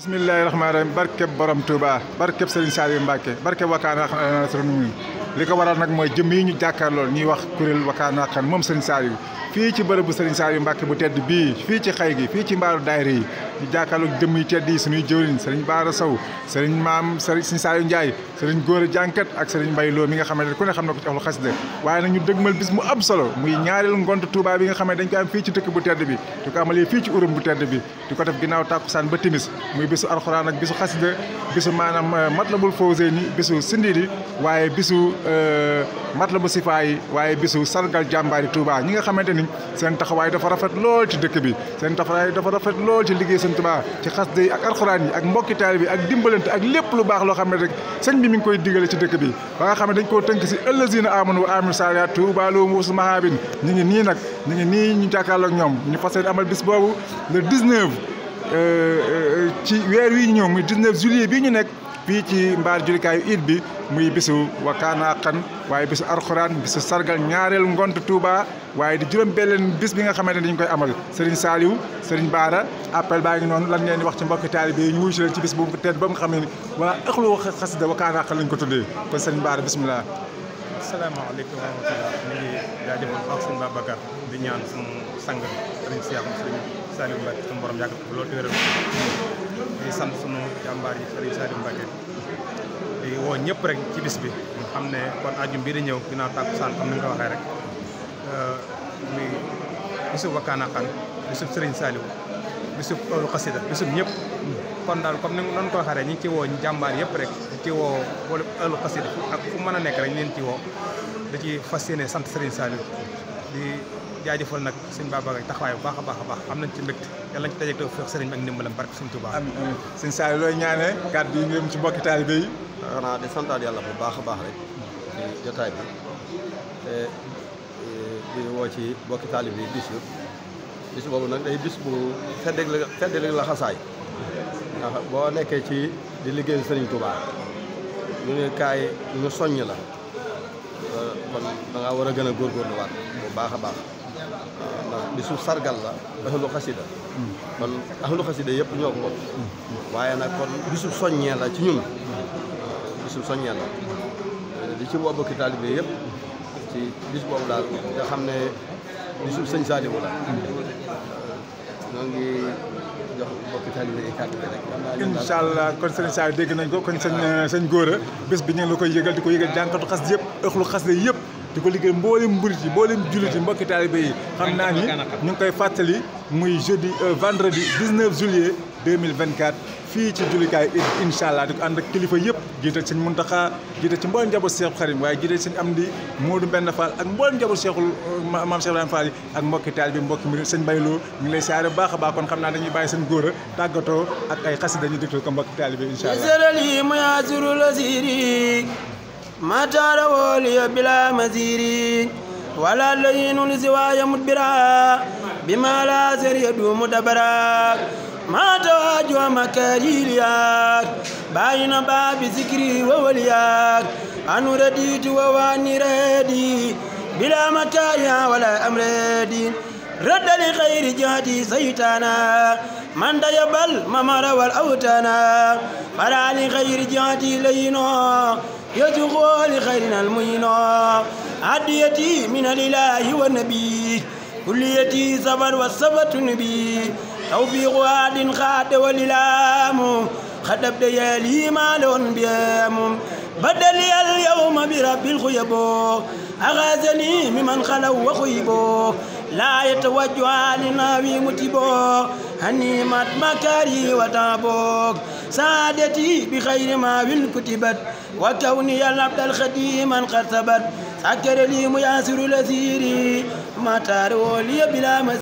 bismillahi rahmaani rahim barkeb borom Touba barkeb Serigne Saliou Mbacke barkeb Wakana Haqqan li ko waral nag mooy jëm yi ñu jàkkaarlool ñuy wax kuréel Wakana Haqqan moom Serigne Saliou fii ci bërëb bu Serigne Saliou Mbacke bu tedd bii fii ci xay gi fii ci mbaaru daayira yi ñu jàkkaarloog jëmm yi tedd yi suñuy jëwriñ Serigne Bara Sow Serigne maam Serigne Saliou Ndiaye Serigne Gora Jànkat ak Serigne Mbaye Lo mi nga xamante ne ku ne xam na ko ci axlu xasida waaye nag dëgmal bis mu am solo muy ñaareelu ngont Touba bi nga xam ne dañ ko am fii ci dëkk bu tedd bi di ko amalee fii ci urum bu tedd bi di ko def ginnaaw tàkkusaan ba timis muy bisu alxuraan ak bisu xasida bisu euh, ni seen taxawaay dafa rafet lool ci dëkk bi seen taxawaay dafa rafet lool ci liggéey sëñ Tuubaa ci xasida yi ak alxuraan yi ak mbokki taalibe bi ak dimbalante ak lépp lu baax loo xam ne rek sëñ bi mi ngi koy digale ci dëkk bi ba nga xam ne dañ koo tënk si ëllësina amanu nag ñu ngi nii ñu jàkkaarloog ñoom ñu fas amal bis boobu le 19 euh, euh, ci weer wi ñëw muy 19 juillet bii ñu nekk fii ci mbaar julikaayu iid bi muy bisu wakana kan waye bisu alquran bisu sargal ñaarel ngont Touba waye di juroom belen bis bi nga xamanteni dañ koy amal Serigne saliw Serigne Bara appel baangi non lan ngeen di wax ci mbokk taalibe yi ñu wuyu ci bis bu teet ba nga xam ne waa ëxlu wakana kan lañ ko tuddé ko Serigne Bara bismillah alaykum wa rahmatulah ñu ngi jaajëfal ak suñu babakar di ñaan sun sang Serigne Cheikh Serigne saliw Mbacke sun borom yàgg lo di di sant sunu jambar yi Serigne saliw Mbacke di woo ñëpp rek ci bis bi xam ne kon ajum bii di ñëw ginnaaw tàkkusaan comme ni nga ko waxee rek euh, muy bisub Wakana Kane bisub Serigne Saliou bisub olu xasida bisub ñëpp kon daal comme ni nga ko waxee rek ngi ci woo jàmbaar yëpp rek ci woo wala olu ak fu mën a nekk rek ñu leen ci woo da ci fas yéene sant Serigne Saliou jaajëfal nag sëñ Baba Gaye taxawaay bu baax a baax a am nañ ci mbégte yàlla nañ ci dajeeg tawfeex sëriñ bi ak ndimbalam barke sëñ Tuubaa amiin amiin looy ñaanee kàddu yi ngëm ci mbokki taalibe yi xanaa di bu baax a baax rek ci bi eh, di ci mbokki taalibe yi bis bis boobu nag day bis bu feddeeg la feddeeg la xasaay boo nekkee ci di liggéeyal sëriñ Tuubaa ñu ne kaay ñu soññ la eh, kon da war a gën a góor góorgóorluwaat bu baax a baax ndax bisu sargal la ahlu xasida kon ahlu xasida yëpp ñoo ko waaye nag kon bisu soññee la ci ñun bisu soññee la di ci woo bokki taalibe yëpp ci bis boobu daal nga xam ne bisu sëñ Saliou la ñoo ngi jox bokki taalibe yi kàddu bi rek incha allah kon sëñ Saliou dégg nañ ko kon sëñ góora bés bi ñu ngi la koy yëgal di ko yëgal jànkatu xas yëpp ëxlu xas yëpp di ko liggéey mboolem mburit yi mboolem jullit yi mbokki taalibe yi xam naa ni ñu ngi koy fàttali muy jeudi euh, vendredi 19 juillet 2024 fii ci jullikaay it incha allah di ko ànd ak kilifa yëpp jiital sëñ Muntaxa jiital ci mboolem njaboot Seexu Xarim waaye jiital sëñ Amdi Moodu Benn Fall ak mboolem njaboot Seexul euh, Maam Seex Ibrahima Fall yi ak mbokki taalibe bi mbokki murit sëñ Bayloo ñu ngi lay saare bu baax a baax kon xam naa dañuy bàyyi seen góor a tàggatoo ak ay xasida dañuy déglu ko mbokki taalibe bi incha allah Matala woliyo bila ma zi ri. Wala le inu ya mu bira. Bi ma ya dumu dabara. Mata wa juma'a ke yi ria. Bayina babu sigiri yi wowe ria. Anure wani redi. Bila mata tayi a wani رد لغير جهدي سيتانا من ديبل ممر والأوتانا فرع لغير جهدي لينا يتغو لخيرنا المينا عديتي من الإله والنبي كليتي سفر والصفة النبي توفيق عاد خاد والإلام خدب ديالي ما لون بيام بدلي اليوم برب الخيبو أغازني ممن خلو وخيبو لا يتوجه لناوي متبو هنيمت مكاري وتابوك سادتي بخير ما كتبت وكوني العبد الخديم قد ثبت سكر لي مياسر الأثير ما تارو لي بلا